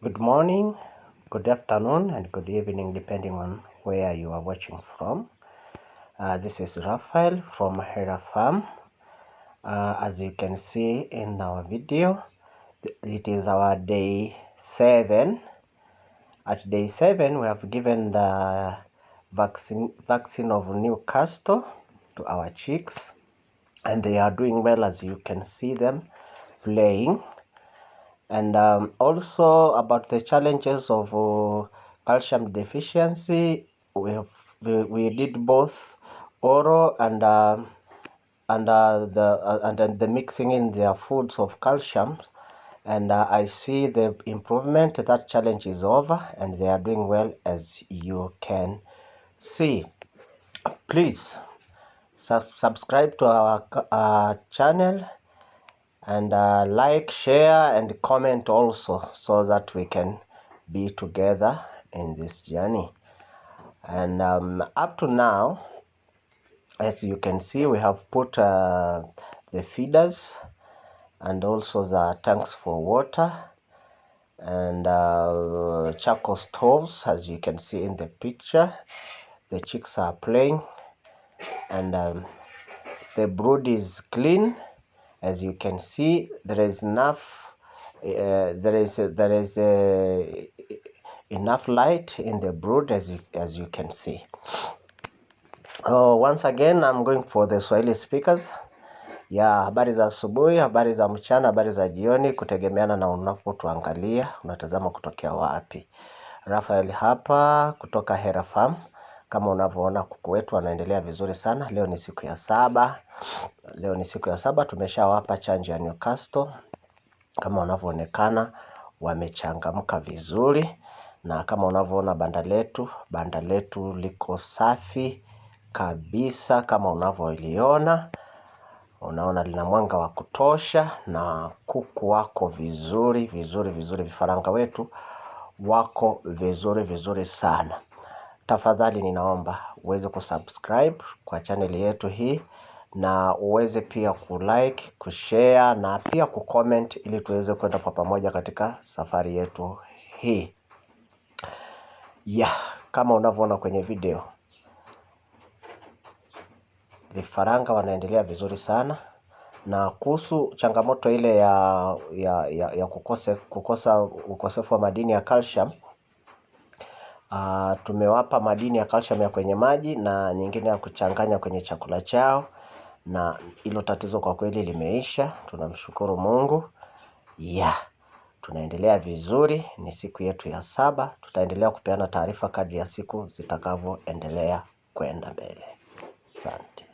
Good morning, good afternoon, and good evening, depending on where you are watching from. Uh, this is Raphael from Hera Farm. Uh, as you can see in our video, it is our day 7. At day 7, we have given the vaccine, vaccine of Newcastle to our chicks, and they are doing well as you can see them playing and um, also about the challenges of uh, calcium deficiency we have we, we did both oral and uh, and uh, the uh, and, the mixing in their foods of calcium and uh, I see the improvement that challenge is over and they are doing well as you can see please subscribe to our uh, channel and uh, like share and comment also so that we can be together in this journey and um, up to now as you can see we have put uh, the feeders and also the tanks for water and uh, charcoal stoves as you can see in the picture the chicks are playing and um, the brood is clean As you can see, there is enough uh, there is there is eh, enough light in the brood as you, as you can see. Oh, once again I'm going for the Swahili speakers ya habari za asubuhi, habari za mchana, habari za jioni, kutegemeana na unapotuangalia unatazama kutokea wapi. Rafael hapa kutoka Hera Farm. Kama unavyoona kuku wetu wanaendelea vizuri sana. Leo ni siku ya saba. Leo ni siku ya saba tumeshawapa chanjo ya Newcastle. Kama unavyoonekana wamechangamka vizuri na kama unavyoona banda letu, banda letu liko safi kabisa kama unavyoliona. Unaona lina mwanga wa kutosha na kuku wako vizuri vizuri vizuri, vifaranga wetu wako vizuri vizuri sana. Tafadhali ninaomba uweze kusubscribe kwa channel yetu hii na uweze pia kulike, kushare na pia kucomment ili tuweze kwenda kwa pamoja katika safari yetu hii ya kama unavyoona kwenye video vifaranga wanaendelea vizuri sana na kuhusu changamoto ile ya, ya, ya, ya kukose, kukosa ukosefu wa madini ya calcium Ah, tumewapa madini ya calcium ya kwenye maji na nyingine ya kuchanganya kwenye chakula chao na hilo tatizo kwa kweli limeisha tunamshukuru mungu yeah tunaendelea vizuri ni siku yetu ya saba tutaendelea kupeana taarifa kadri ya siku zitakavyoendelea kwenda mbele asante.